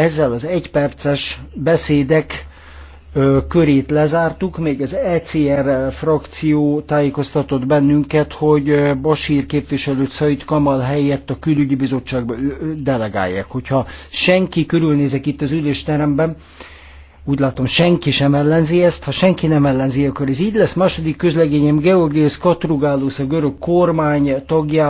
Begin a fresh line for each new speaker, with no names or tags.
Ezzel az egyperces beszédek körét lezártuk, még az ECR frakció tájékoztatott bennünket, hogy Basír képviselőt Szait Kamal helyett a külügyi bizottságba delegálják. Hogyha senki körülnézek itt az ülésteremben, úgy látom senki sem ellenzi ezt, ha senki nem ellenzi, akkor ez így lesz. Második közlegényem Georgios Katrugálusz, a görög kormány
tagja,